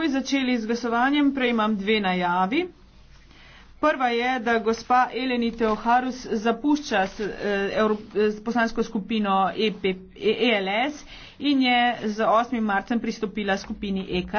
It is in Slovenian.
takoj začeli z glasovanjem, prej imam dve najavi. Prva je, da gospa Eleni Teoharus zapušča s, e, eh, Evrop, s poslansko skupino EP, e, ELS e in je z 8. marcem pristopila skupini EKS. E.